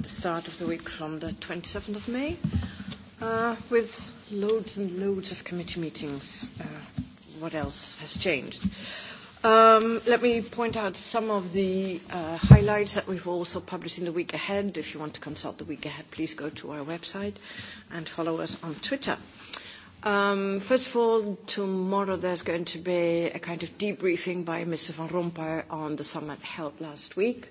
the start of the week from the 27th of May uh, with loads and loads of committee meetings. Uh, what else has changed? Um, let me point out some of the uh, highlights that we've also published in the week ahead. If you want to consult the week ahead, please go to our website and follow us on Twitter. Um, first of all, tomorrow there's going to be a kind of debriefing by Mr. Van Rompuy on the summit held last week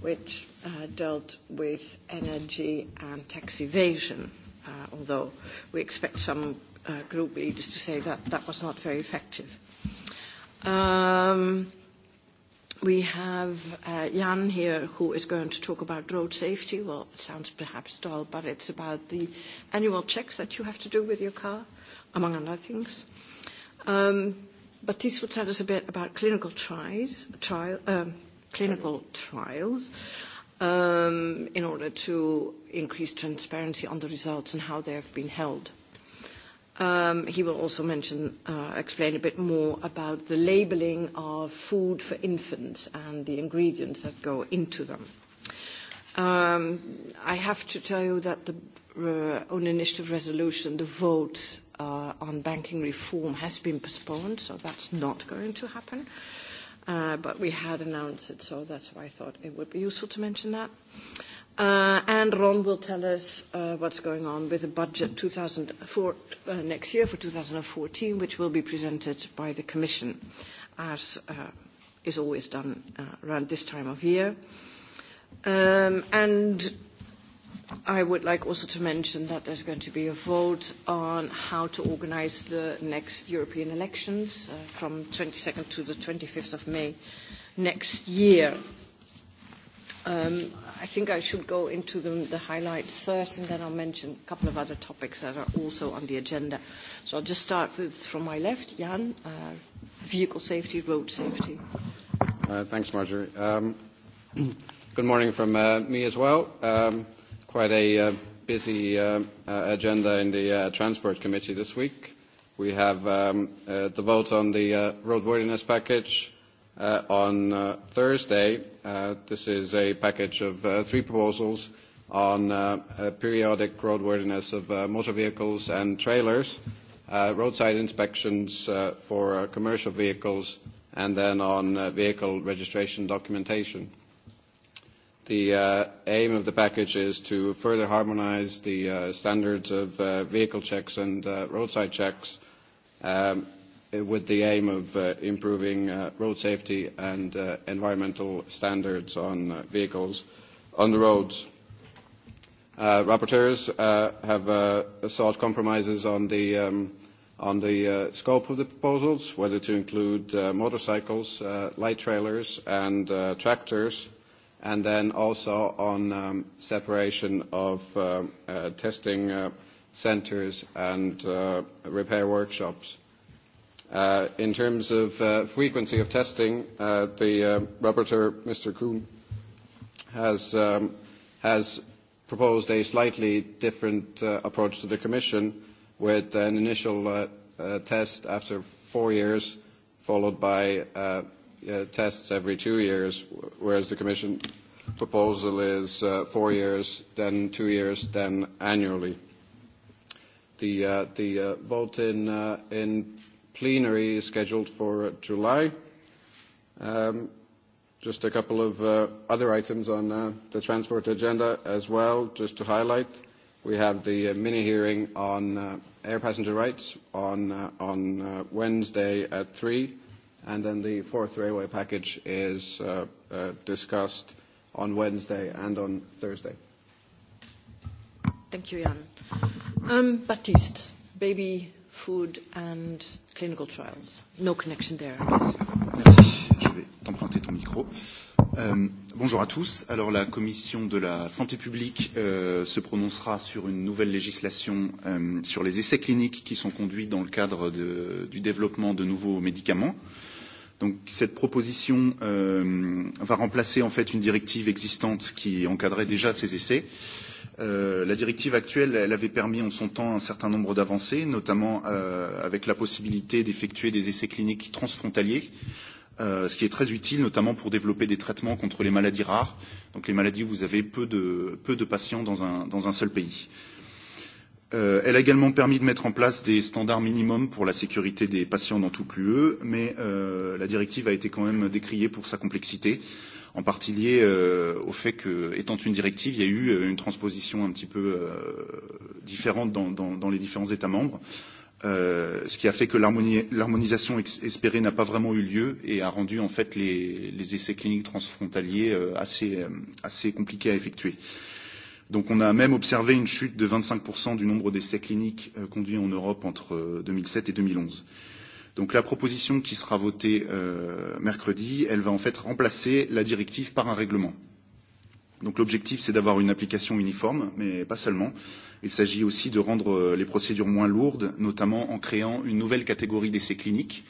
which uh, dealt with energy and tax evasion, uh, although we expect some uh, group leaders to say that that was not very effective. Um, we have uh, Jan here who is going to talk about road safety. Well, it sounds perhaps dull, but it's about the annual checks that you have to do with your car, among other things. Um, Baptiste will tell us a bit about clinical trials, trial, um, clinical trials um, in order to increase transparency on the results and how they have been held. Um, he will also mention, uh, explain a bit more about the labeling of food for infants and the ingredients that go into them. Um, I have to tell you that the uh, own initiative resolution, the vote uh, on banking reform has been postponed, so that's not going to happen. Uh, uh, but we had announced it, so that's why I thought it would be useful to mention that. Uh, and Ron will tell us uh, what's going on with the budget 2004, uh, next year for 2014, which will be presented by the Commission, as uh, is always done uh, around this time of year. Um, and I would like also to mention that there's going to be a vote on how to organize the next European elections uh, from 22nd to the 25th of May next year. Um, I think I should go into the, the highlights first, and then I'll mention a couple of other topics that are also on the agenda. So I'll just start with, from my left, Jan, uh, vehicle safety, road safety. Uh, thanks, Marjorie. Um, good morning from uh, me as well. Um, quite a uh, busy uh, uh, agenda in the uh, Transport Committee this week. We have um, uh, the vote on the uh, roadworthiness package uh, on uh, Thursday. Uh, this is a package of uh, three proposals on uh, uh, periodic roadworthiness of uh, motor vehicles and trailers, uh, roadside inspections uh, for uh, commercial vehicles, and then on uh, vehicle registration documentation. Uh, The uh, aim of the package is to further harmonize the uh, standards of uh, vehicle checks and uh, roadside checks um, with the aim of uh, improving uh, road safety and uh, environmental standards on uh, vehicles on the roads. Uh, rapporteurs uh, have uh, sought compromises on the, um, on the uh, scope of the proposals, whether to include uh, motorcycles, uh, light trailers and uh, tractors, and then also on um, separation of uh, uh, testing uh, centers and uh, repair workshops. Uh, in terms of uh, frequency of testing, uh, the uh, rapporteur, Mr. Kuhn, has, um, has proposed a slightly different uh, approach to the Commission with an initial uh, uh, test after four years, followed by uh, uh, tests every two years, whereas the Commission proposal is uh, four years, then two years, then annually. The, uh, the uh, vote in, uh, in plenary is scheduled for July. Um, just a couple of uh, other items on uh, the transport agenda as well, just to highlight. We have the uh, mini hearing on uh, air passenger rights on, uh, on uh, Wednesday at 3 And then the fourth railway package is uh, uh, discussed on Wednesday and on Thursday. Thank you, Jan. Um, Baptiste, baby food and clinical trials. No connection there, I guess. Merci. Je vais t'emprunter ton micro. Euh, bonjour à tous. Alors la commission de la santé publique euh, se prononcera sur une nouvelle législation euh, sur les essais cliniques qui sont conduits dans le cadre de, du développement de nouveaux médicaments. Euh, Donc cette proposition euh, va remplacer en fait une directive existante qui encadrait déjà ces essais. Euh, la directive actuelle, elle avait permis en son temps un certain nombre d'avancées, notamment euh, avec la possibilité d'effectuer des essais cliniques transfrontaliers, euh, ce qui est très utile notamment pour développer des traitements contre les maladies rares, donc les maladies où vous avez peu de, peu de patients dans un, dans un seul pays. Euh, Euh, elle a également permis de mettre en place des standards minimums pour la sécurité des patients dans toute l'UE, mais euh, la directive a été quand même décriée pour sa complexité, en partie liée euh, au fait que, étant une directive, il y a eu euh, une transposition un petit peu euh, différente dans, dans, dans les différents États membres, euh, ce qui a fait que l'harmonisation espérée n'a pas vraiment eu lieu et a rendu en fait les, les essais cliniques transfrontaliers euh, assez, euh, assez compliqués à effectuer. Euh, Donc on a même observé une chute de 25% du nombre d'essais cliniques euh, conduits en Europe entre euh, 2007 et 2011. Donc la proposition qui sera votée euh, mercredi, elle va en fait remplacer la directive par un règlement. Donc l'objectif, c'est d'avoir une application uniforme, mais pas seulement. Il s'agit aussi de rendre euh, les procédures moins lourdes, notamment en créant une nouvelle catégorie d'essais cliniques,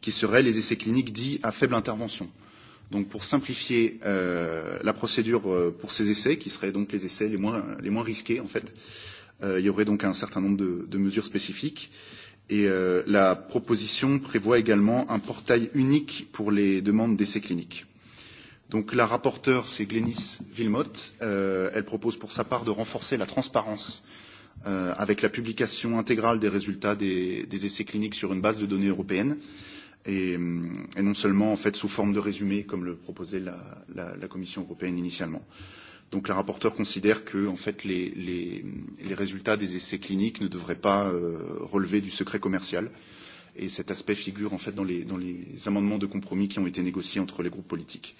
qui seraient les essais cliniques dits à faible intervention. Euh, donc pour simplifier euh, la procédure euh, pour ces essais, qui seraient donc les essais les moins, les moins risqués en fait. Euh, il y aurait donc un certain nombre de, de mesures spécifiques. Et euh, la proposition prévoit également un portail unique pour les demandes d'essais cliniques. Donc la rapporteure, c'est Glénis Villemotte. Euh, elle propose pour sa part de renforcer la transparence euh, avec la publication intégrale des résultats des, des essais cliniques sur une base de données européenne. Euh, et, euh, et non seulement en fait sous forme de résumé comme le proposait la, la, la Commission européenne initialement. Donc la rapporteure considère que en fait les, les, les résultats des essais cliniques ne devraient pas euh, relever du secret commercial et cet aspect figure en fait dans les, dans les amendements de compromis qui ont été négociés entre les groupes politiques.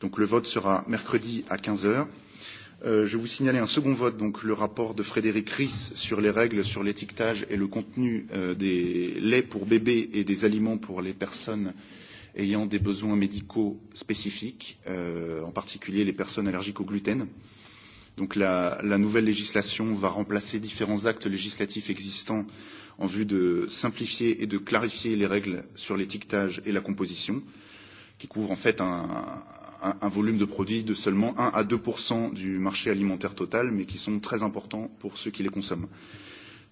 Donc le vote sera mercredi à 15 heures. Euh, je vous signalais un second vote, donc le rapport de Frédéric Ries sur les règles sur l'étiquetage et le contenu euh, des laits pour bébés et des aliments pour les personnes ayant des besoins médicaux spécifiques, euh, en particulier les personnes allergiques au gluten. Donc la, la nouvelle législation va remplacer différents actes législatifs existants en vue de simplifier et de clarifier les règles sur l'étiquetage et la composition, qui couvrent en fait un, un, un volume de produits de seulement 1 à 2 du marché alimentaire total, mais qui sont très importants pour ceux qui les consomment.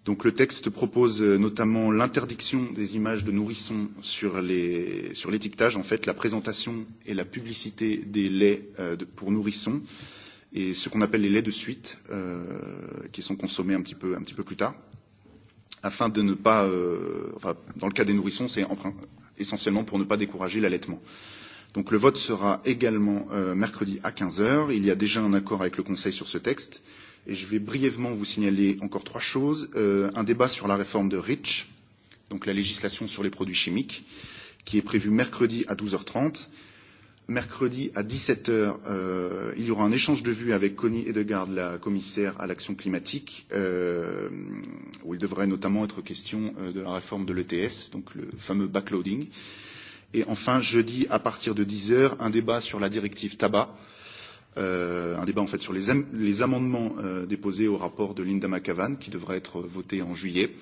Donc le texte propose euh, notamment l'interdiction des images de nourrissons sur les sur l'étiquetage, en fait la présentation et la publicité des laits euh, de, pour nourrissons et ce qu'on appelle les laits de suite, euh, qui sont consommés un petit peu un petit peu plus tard, afin de ne pas, euh, enfin dans le cas des nourrissons, c'est essentiellement pour ne pas décourager l'allaitement. Euh, Donc le vote sera également euh, mercredi à 15h. Il y a déjà un accord avec le Conseil sur ce texte. Et je vais brièvement vous signaler encore trois choses. Euh, un débat sur la réforme de REACH, donc la législation sur les produits chimiques, qui est prévu mercredi à 12h30. Mercredi à 17h, euh, il y aura un échange de vues avec Connie Hedegaard, la commissaire à l'action climatique, euh, où il devrait notamment être question euh, de la réforme de l'ETS, donc le fameux backloading. Euh, Et enfin, jeudi, à partir de 10h, un débat sur la directive tabac. Euh, un débat en fait sur les, am les amendements euh, déposés au rapport de Linda McAvan qui devra être voté en juillet.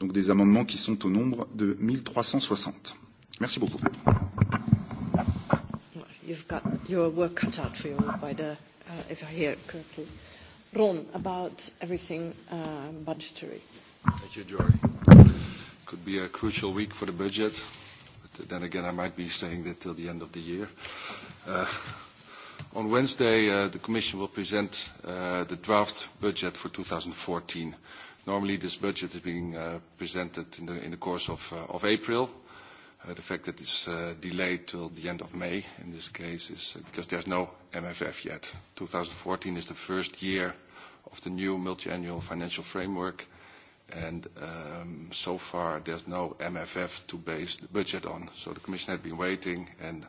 Donc des amendements qui sont au nombre de 1360. Merci beaucoup. You've got your work cut out for you by the, uh, if I hear it correctly. Ron, about everything uh, budgetary. Thank you, Jory. Could be a crucial week for the budget then again, I might be saying that till the end of the year. Uh, on Wednesday, uh, the Commission will present uh, the draft budget for 2014. Normally, this budget is being uh, presented in the, in the course of, uh, of April. Uh, the fact that it's uh, delayed till the end of May in this case is uh, because there's no MFF yet. 2014 is the first year of the new multi-annual financial framework, uh, and um, so far there's no MFF to base the budget on. So the Commission had been waiting, and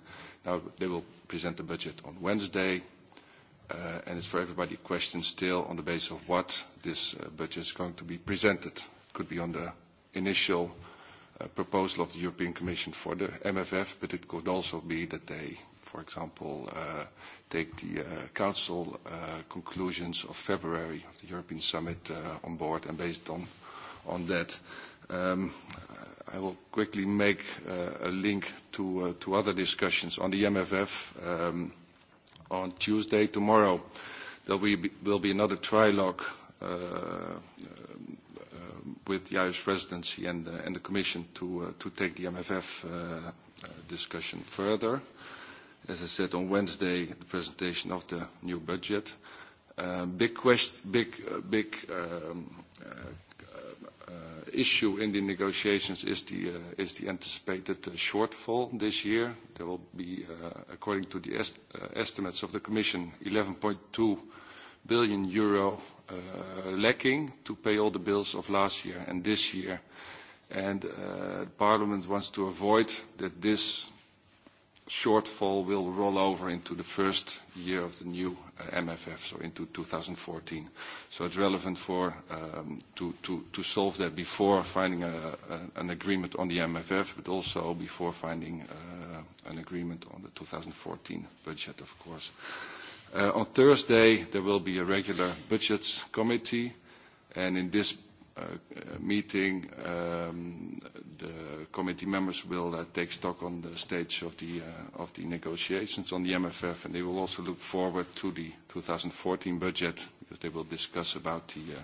now they will present the budget on Wednesday. Uh, and it's for everybody a question still on the basis of what this uh, budget is going to be presented. It could be on the initial uh, proposal of the European Commission for the MFF, but it could also be that they, for example, uh, take the uh, Council uh, conclusions of February of the European Summit uh, on board and based on uh, on that. Um, I will quickly make uh, a link to, uh, to other discussions on the MFF um, on Tuesday, tomorrow. There will be, will be another trilogue uh, uh with the Irish presidency and, uh, and the Commission to, uh, to take the MFF discussion further. As I said, on Wednesday, the presentation of the new budget. Um, big, big, big um, Uh, issue in the negotiations is the, uh, is the anticipated uh, shortfall this year. There will be, according to the est estimates of the Commission, 11.2 billion euro lacking to pay all the bills of last year and this year. And, Parliament wants to avoid that this shortfall will roll over into the first year of the new uh, MFF, so into 2014. So it's relevant for um, to, to, to solve that before finding a, a, an agreement on the MFF, but also before finding uh, an agreement on the 2014 budget, of course. Uh, on Thursday, there will be a regular budgets committee, and in this Uh, meeting, um, the committee members will uh, take stock on the stage of the, uh, of the negotiations on the MFF, and they will also look forward to the 2014 budget because they will discuss about the uh,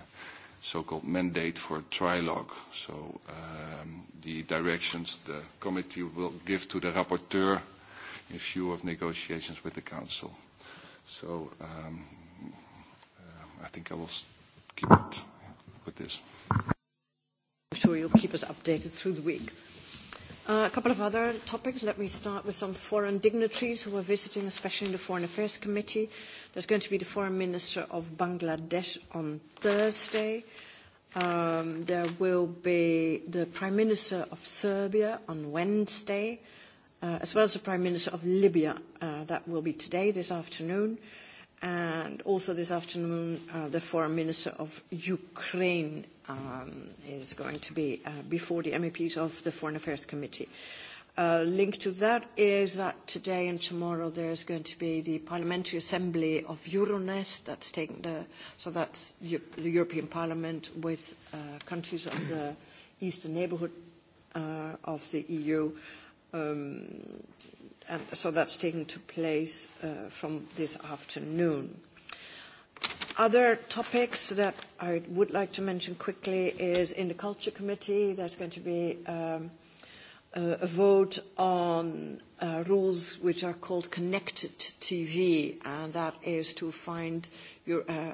so-called mandate for trilogue. So um, the directions the committee will give to the rapporteur in view of negotiations with the council. So um, uh, I think I will keep it with this. I'm sure you'll keep us updated through the week. Uh, a couple of other topics. Let me start with some foreign dignitaries who are visiting, especially in the Foreign Affairs Committee. There's going to be the Foreign Minister of Bangladesh on Thursday. Um, there will be the Prime Minister of Serbia on Wednesday, uh, as well as the Prime Minister of Libya. Uh, that will be today, this afternoon. Uh, And also this afternoon, uh, the foreign minister of Ukraine um, is going to be uh, before the MEPs of the Foreign Affairs Committee. Uh, linked to that is that today and tomorrow there is going to be the Parliamentary Assembly of Euronest. That's taking the, so that's the European Parliament with uh, countries of the eastern neighbourhood uh, of the EU. Um, And so that's taking to place uh, from this afternoon. Other topics that I would like to mention quickly is in the Culture Committee, there's going to be um, uh, a vote on uh, rules which are called connected TV, and that is to find your, uh,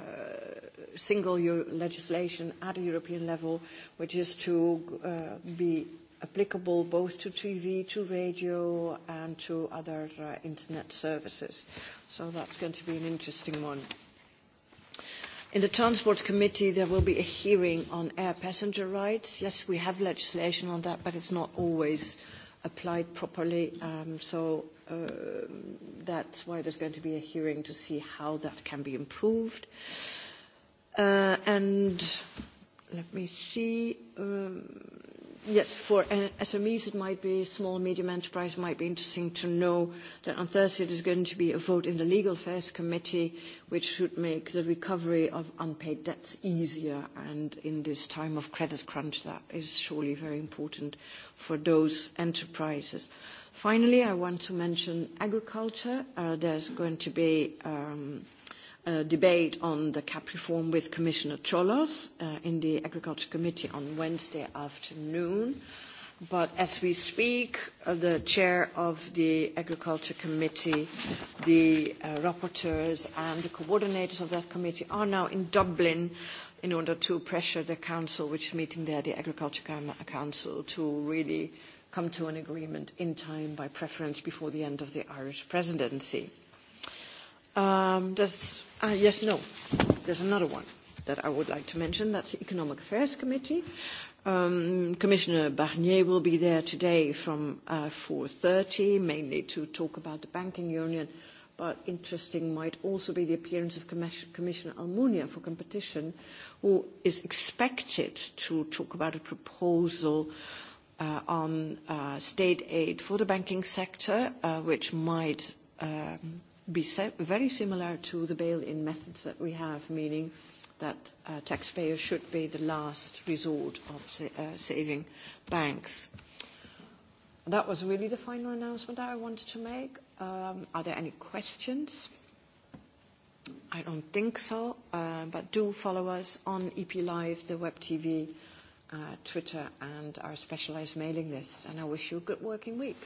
single your legislation at a European level, which is to uh, be applicable both to TV, to radio, and to other uh, internet services. So that's going to be an interesting one. In the Transport Committee, there will be a hearing on air passenger rights. Yes, we have legislation on that, but it's not always applied properly. Um, so uh, that's why there's going to be a hearing to see how that can be improved. Uh, and let me see. Um, Yes, for uh, SMEs, it might be small, medium enterprise, might be interesting to know that on Thursday there's going to be a vote in the Legal Affairs Committee, which should make the recovery of unpaid debts easier. And in this time of credit crunch, that is surely very important for those enterprises. Finally, I want to mention agriculture. Uh, there's going to be um, – uh, debate on the CAP reform with Commissioner Cholos uh, in the Agriculture Committee on Wednesday afternoon. But as we speak, uh, the chair of the Agriculture Committee, the uh, rapporteurs and the coordinators of that committee are now in Dublin in order to pressure the council, which is meeting there, the Agriculture Council, to really come to an agreement in time by preference before the end of the Irish presidency. Um, there's Ah, yes, no. There's another one that I would like to mention. That's the Economic Affairs Committee. Um, Commissioner Barnier will be there today from uh, 4.30, mainly to talk about the banking union. But interesting might also be the appearance of Commiss Commissioner Almunia for competition, who is expected to talk about a proposal uh, on uh, state aid for the banking sector, uh, which might um, be very similar to the bail-in methods that we have, meaning that uh, taxpayers should be the last resort of sa- uh, saving banks. That was really the final announcement that I wanted to make. Um, are there any questions? I don't think so, uh, but do follow us on EP Live, the web TV, uh, Twitter, and our specialized mailing list. And I wish you a good working week.